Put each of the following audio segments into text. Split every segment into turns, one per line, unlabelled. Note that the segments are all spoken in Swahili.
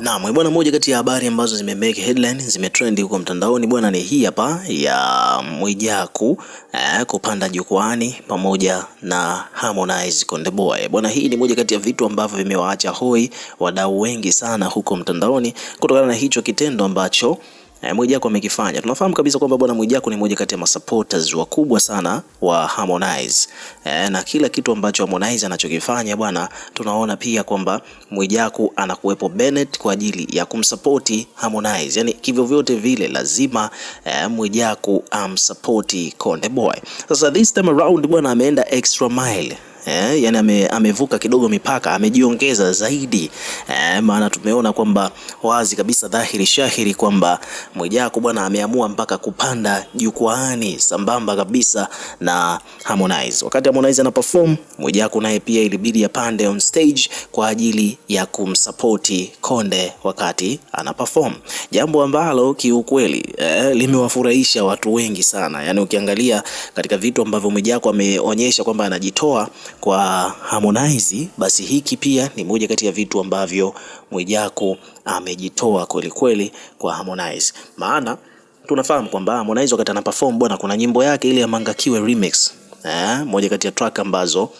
Naam, eh, bwana, moja kati ya habari ambazo make headline zimetrend huko mtandaoni bwana ni hii hapa ya Mwijaku eh, kupanda jukwani pamoja na Harmonize Konde Boy. Bwana, hii ni moja kati ya vitu ambavyo vimewaacha hoi wadau wengi sana huko mtandaoni kutokana na hicho kitendo ambacho eh, Mwijaku amekifanya. Tunafahamu kabisa kwamba bwana Mwijaku ni mmoja kati ya masupporters wakubwa sana wa Harmonize eh, na kila kitu ambacho Harmonize anachokifanya bwana, tunaona pia kwamba Mwijaku anakuwepo Bennett kwa ajili ya kumsupporti Harmonize, yani kivyo vyote vile lazima eh, Mwijaku amsapoti Konde Boy. Sasa this time around bwana ameenda extra mile eh, yani ame, amevuka kidogo mipaka, amejiongeza zaidi eh, maana tumeona kwamba wazi kabisa dhahiri shahiri kwamba Mwijaku bwana ameamua mpaka kupanda jukwaani sambamba kabisa na Harmonize. Wakati Harmonize ana perform, Mwijaku naye pia ilibidi apande on stage kwa ajili ya kumsapoti Konde wakati ana perform, jambo ambalo kiukweli eh, limewafurahisha watu wengi sana. Yani ukiangalia katika vitu ambavyo Mwijaku ameonyesha kwamba anajitoa kwa Harmonize, basi hiki pia ni moja kati ya vitu ambavyo Mwijaku amejitoa kwelikweli kwa Harmonize, maana tunafahamu kwamba Harmonize wakati ana perform bwana, kuna nyimbo yake ile ya Mangakiwe remix eh, moja kati ya track ambazo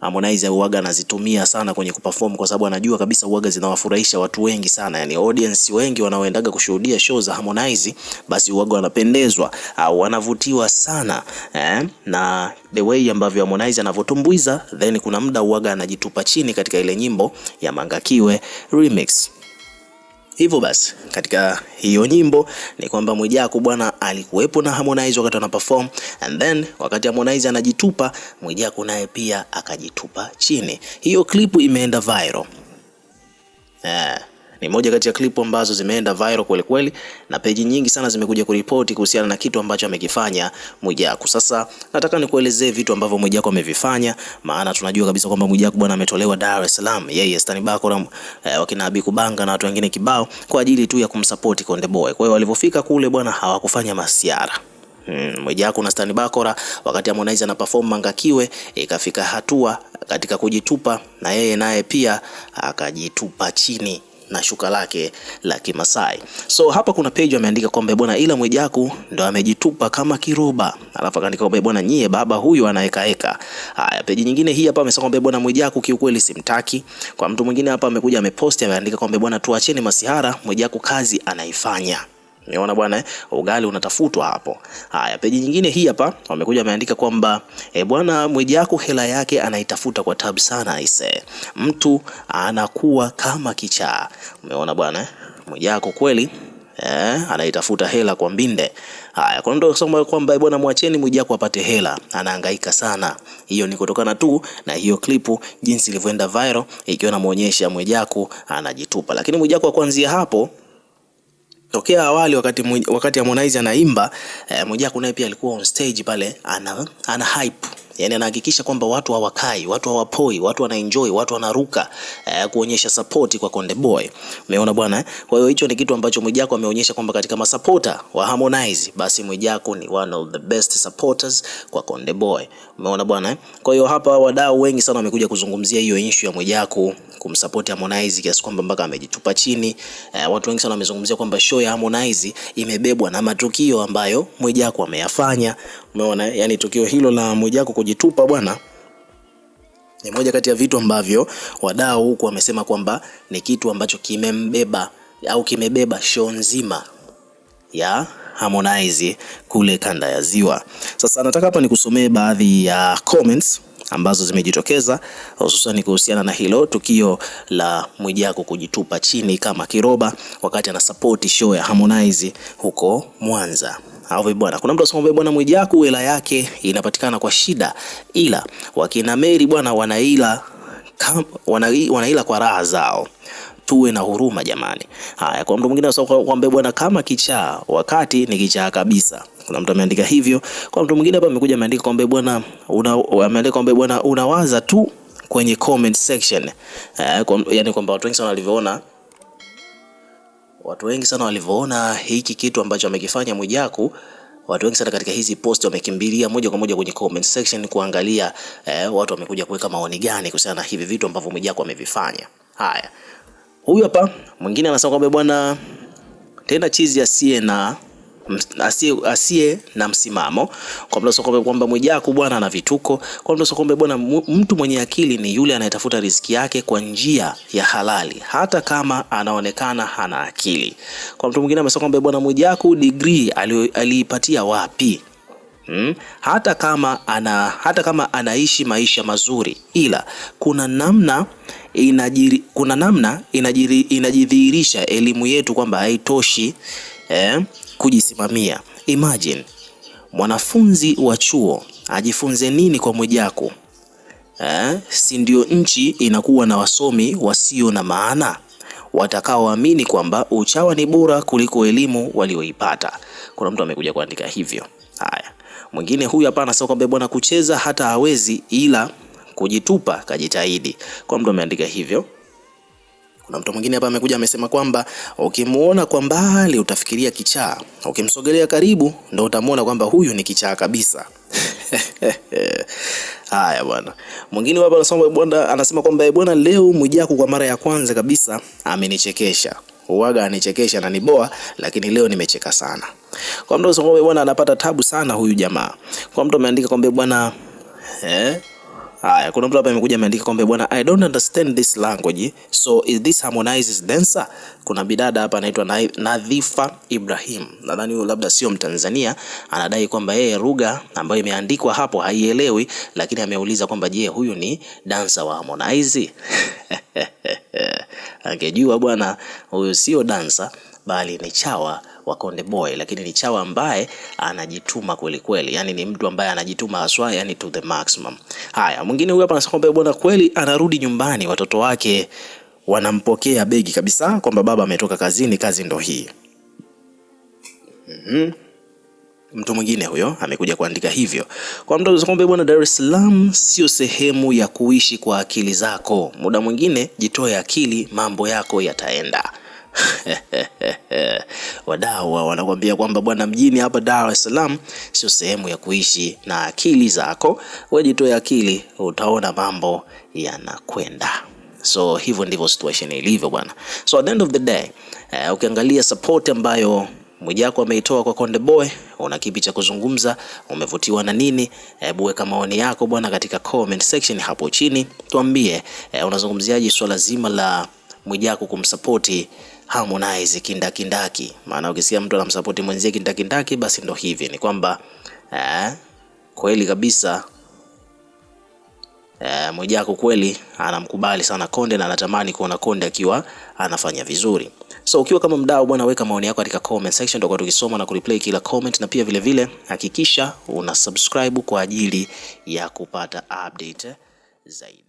Harmonize uwaga anazitumia sana kwenye kuperform kwa sababu anajua kabisa uaga zinawafurahisha watu wengi sana, yani audience wengi wanaoendaga kushuhudia show za Harmonize, basi uaga wanapendezwa au wanavutiwa sana eh, na the way ambavyo Harmonize anavyotumbuiza, then kuna muda uwaga anajitupa chini katika ile nyimbo ya Mangakiwe remix. Hivyo basi katika hiyo nyimbo ni kwamba Mwijaku bwana alikuwepo na Harmonize wakati ana perform, and then wakati Harmonize anajitupa Mwijaku naye pia akajitupa chini. Hiyo klipu imeenda viral. Yeah. Ni moja kati ya klipu ambazo zimeenda viral kweli kweli, na peji nyingi sana zimekuja kuripoti kuhusiana na kitu ambacho amekifanya Mwijaku. Sasa nataka nikuelezee vitu ambavyo Mwijaku amevifanya, maana tunajua kabisa kwamba Mwijaku bwana ametolewa Dar es Salaam, yeye Stan Bakora, eh, wakina Abi Kubanga na watu wengine kibao kwa ajili tu ya kumsupport Konde Boy. Kwa hiyo walipofika kule bwana hawakufanya masiara Hmm, Mwijaku na Stan Bakora wakati Harmonize ana perform Mangakiwe, ikafika hatua katika kujitupa na yeye naye pia akajitupa chini na shuka lake la Kimasai. So hapa kuna page ameandika kwamba bwana, ila Mwijaku ndo amejitupa kama kiroba, alafu akaandika kwamba bwana, nyie baba huyu anaekaeka. Haya, page nyingine hii hapa amesema kwamba bwana, Mwijaku kiukweli simtaki. Kwa mtu mwingine hapa amekuja ameposti ameandika kwamba bwana, tuacheni masihara, Mwijaku kazi anaifanya. Umeona bwana eh? Ugali unatafutwa hapo. Haya, peji nyingine hii hapa wamekuja wameandika kwamba e, bwana Mwijaku hela yake anaitafuta kwa tabu sana aise. Mtu anakuwa kama kichaa. Umeona bwana eh? Mwijaku kweli eh, anaitafuta hela kwa mbinde. Haya, kwa ndio kusema kwamba eh, bwana mwacheni Mwijaku apate hela, anahangaika sana. Hiyo ni kutokana tu na hiyo klipu jinsi ilivyoenda viral ikiwa inamuonyesha Mwijaku anajitupa. Lakini Mwijaku kuanzia hapo tokea awali wakati wakati Harmonize anaimba eh, Mwijaku naye pia alikuwa on stage pale ana, ana hype yani anahakikisha kwamba watu hawakai, watu hawapoi, watu wanaenjoy, watu wanaruka eh, kuonyesha support kwa Konde Boy. Umeona bwana? eh? Kwa hiyo hicho ni kitu ambacho Mwijako ameonyesha kwamba katika masupporter wa Harmonize, basi Mwijako ni one of the best supporters kwa Konde Boy. Umeona bwana? eh? Kwa hiyo hapa wadau wengi sana wamekuja kuzungumzia hiyo issue ya Mwijako kumsupport Harmonize kiasi kwamba mpaka amejitupa chini. Eh, watu wengi sana wamezungumzia kwamba show ya Harmonize imebebwa na matukio ambayo Mwijako ameyafanya. Umeona? Eh? Yaani tukio hilo la Mwijako kujitupa bwana ni moja kati ya vitu ambavyo wadau huku wamesema kwamba ni kitu ambacho kimembeba au kimebeba show nzima ya Harmonize kule kanda ya Ziwa. Sasa nataka hapa nikusomee baadhi ya comments ambazo zimejitokeza hususan kuhusiana na hilo tukio la Mwijaku kujitupa chini kama kiroba wakati anasapoti show ya Harmonize huko Mwanza. Au vipi bwana, kuna mtu asema bwana Mwijaku hela yake inapatikana kwa shida, ila wakina Mary bwana wanaila wanaila kwa raha zao. Tuwe na huruma jamani. Haya, kwa mtu mwingine anasema kwamba bwana kama kichaa, wakati ni kichaa kabisa. Kuna mtu ameandika hivyo. Kwa mtu mwingine hapa amekuja ameandika kwamba bwana una, ameandika kwamba bwana unawaza tu kwenye comment section. Haya, eh, yani kwamba watu wengi sana walivyoona watu wengi sana walivyoona hiki kitu ambacho amekifanya Mwijaku, watu wengi sana katika hizi post wamekimbilia moja kwa moja kwenye comment section kuangalia eh, watu wamekuja kuweka maoni gani kuhusiana na hivi vitu ambavyo Mwijaku amevifanya. Haya, huyu hapa mwingine anasema kwamba bwana, tena chizi ya siena asiye na msimamo. Kwa mlo sokombe kwamba Mwijaku bwana ana vituko. Kwa mlo sokombe bwana, mtu mwenye akili ni yule anayetafuta riziki yake kwa njia ya halali, hata kama anaonekana hana akili. Kwa mtu mwingine amesema kwamba bwana Mwijaku degree aliipatia wapi? Hmm. Hata kama ana hata kama anaishi maisha mazuri, ila kuna namna inajiri, kuna namna inajidhihirisha elimu yetu kwamba haitoshi eh? kujisimamia. Imagine mwanafunzi wa chuo ajifunze nini kwa Mwijaku eh? Si ndio nchi inakuwa na wasomi wasio na maana watakaoamini kwamba uchawa ni bora kuliko elimu walioipata. Kuna mtu amekuja kuandika hivyo. Haya, mwingine huyu hapa anasema kwamba bwana, kucheza hata hawezi ila kujitupa kajitahidi. Kwa mtu ameandika hivyo. Kuna mtu mwingine hapa amekuja amesema kwamba ukimuona kwa mbali utafikiria kichaa, ukimsogelea karibu ndo utamuona kwamba huyu ni kichaa kabisa. Haya bwana. Mwingine hapa anasema bwana, anasema kwamba eh, bwana, leo Mwijaku kwa mara ya kwanza kabisa amenichekesha. Uwaga anichekesha na niboa, lakini leo nimecheka sana. Kwa mtu anasema eh, bwana, anapata tabu sana huyu jamaa. Kwa mtu ameandika kwamba eh, bwana eh Haya, kuna mtu hapa amekuja ameandika kwamba bwana, I don't understand this language, so is this Harmonize's dancer? Kuna bidada hapa anaitwa Nadhifa Ibrahim, nadhani huyo labda sio Mtanzania, anadai kwamba yeye lugha ambayo imeandikwa hapo haielewi, lakini ameuliza kwamba je, huyu ni dancer wa Harmonize? Angejua bwana, huyu sio dancer bali ni chawa wa Konde Boy, lakini ni chawa ambaye anajituma kweli kweli, yani ni mtu ambaye anajituma haswa, yani to the maximum. Haya, mwingine huyu hapa anasema kwamba bwana, kweli anarudi nyumbani, watoto wake wanampokea begi kabisa kwamba baba ametoka kazini, kazi ndo hii. mm -hmm. Mtu mwingine huyo amekuja kuandika hivyo kwa mtu kwamba bwana, Dar es Salaam sio sehemu ya kuishi kwa akili zako. Muda mwingine jitoe akili, mambo yako yataenda. Wadau wanakuambia kwamba bwana, mjini hapa Dar es Salaam sio sehemu ya kuishi na akili zako, wewe jitoe akili, utaona mambo yanakwenda. So hivyo ndivyo situation ilivyo bwana. So at the end of the day uh, ukiangalia support ambayo Mwijaku ameitoa kwa Konde Boy, una kipi cha kuzungumza? Umevutiwa na nini? Hebu weka maoni yako bwana katika comment section hapo chini, tuambie uh, unazungumziaje swala zima la Mwijaku kumsapoti Harmonize kindakindaki. Maana ukisikia mtu anamsupport mwenzie kindakindaki, basi ndo hivi ni kwamba eh, kweli kabisa eh, Mwijaku kweli anamkubali sana Konde na anatamani kuona Konde akiwa anafanya vizuri. So ukiwa kama mdau bwana, weka maoni yako katika comment section, tutakuwa tukisoma na kureplay kila comment, na pia vile vile hakikisha una subscribe kwa ajili ya kupata update zaidi.